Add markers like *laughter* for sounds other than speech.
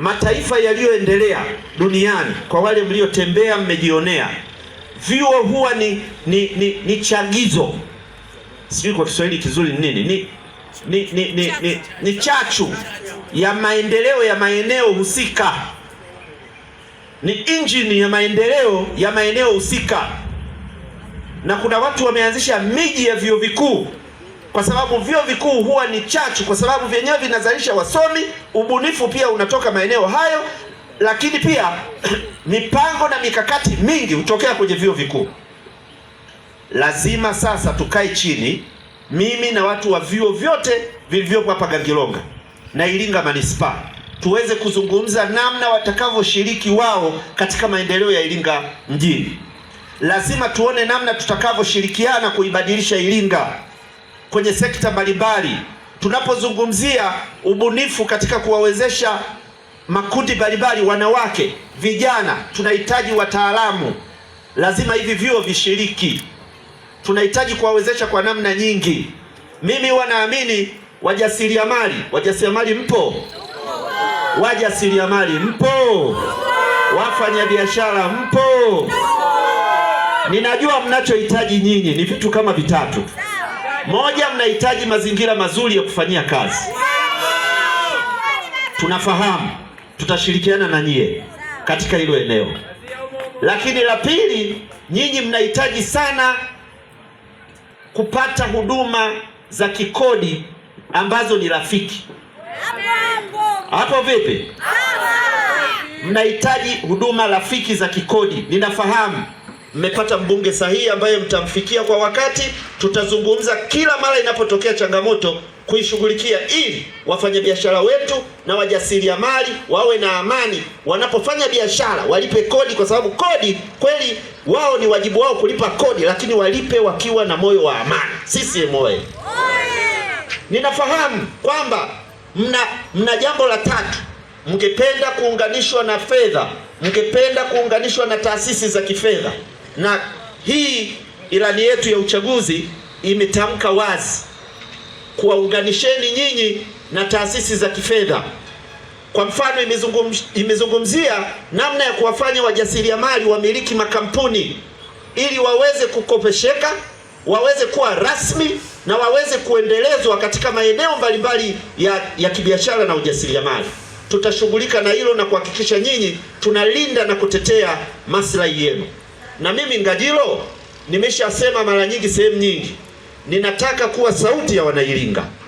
mataifa yaliyoendelea duniani, kwa wale mliotembea mmejionea, vyuo huwa ni, ni, ni, ni chagizo, sijui kwa Kiswahili kizuri ni nini, ni, ni, ni, ni, ni, ni chachu ya maendeleo ya maeneo husika, ni injini ya maendeleo ya maeneo husika, na kuna watu wameanzisha miji ya vyuo vikuu kwa sababu vyuo vikuu huwa ni chachu, kwa sababu vyenyewe vinazalisha wasomi. Ubunifu pia unatoka maeneo hayo, lakini pia *clears throat* mipango na mikakati mingi hutokea kwenye vyuo vikuu. Lazima sasa tukae chini, mimi na watu wa vyuo vyote vilivyopo hapa Gangilonga na Iringa manispaa, tuweze kuzungumza namna watakavyoshiriki wao katika maendeleo ya Iringa mjini. Lazima tuone namna tutakavyoshirikiana kuibadilisha Iringa kwenye sekta mbalimbali. Tunapozungumzia ubunifu katika kuwawezesha makundi mbalimbali, wanawake, vijana, tunahitaji wataalamu, lazima hivi vyuo vishiriki. Tunahitaji kuwawezesha kwa namna nyingi. Mimi huwa naamini wajasiriamali, wajasiriamali mpo? Wajasiriamali mpo? Wafanya biashara mpo? Ninajua mnachohitaji nyinyi ni vitu kama vitatu. Moja, mnahitaji mazingira mazuri ya kufanyia kazi. Tunafahamu, tutashirikiana na nyie katika hilo eneo. Lakini la pili, nyinyi mnahitaji sana kupata huduma za kikodi ambazo ni rafiki. Hapo vipi? Mnahitaji huduma rafiki za kikodi, ninafahamu mmepata mbunge sahihi ambaye mtamfikia kwa wakati. Tutazungumza kila mara inapotokea changamoto kuishughulikia, ili wafanyabiashara wetu na wajasiriamali wawe na amani wanapofanya biashara, walipe kodi, kwa sababu kodi kweli wao ni wajibu wao kulipa kodi, lakini walipe wakiwa na moyo wa amani. Sisi moyo, ninafahamu kwamba mna mna jambo la tatu mngependa kuunganishwa na fedha, mngependa kuunganishwa na taasisi za kifedha na hii ilani yetu ya uchaguzi imetamka wazi kuwaunganisheni nyinyi na taasisi za kifedha. Kwa mfano, imezungum, imezungumzia namna ya kuwafanya wajasiriamali wamiliki makampuni ili waweze kukopesheka, waweze kuwa rasmi na waweze kuendelezwa katika maeneo mbalimbali ya, ya kibiashara na ujasiriamali. Tutashughulika na hilo na kuhakikisha nyinyi tunalinda na kutetea maslahi yenu. Na mimi Ngajilo nimeshasema mara nyingi, sehemu nyingi, ninataka kuwa sauti ya Wanairinga.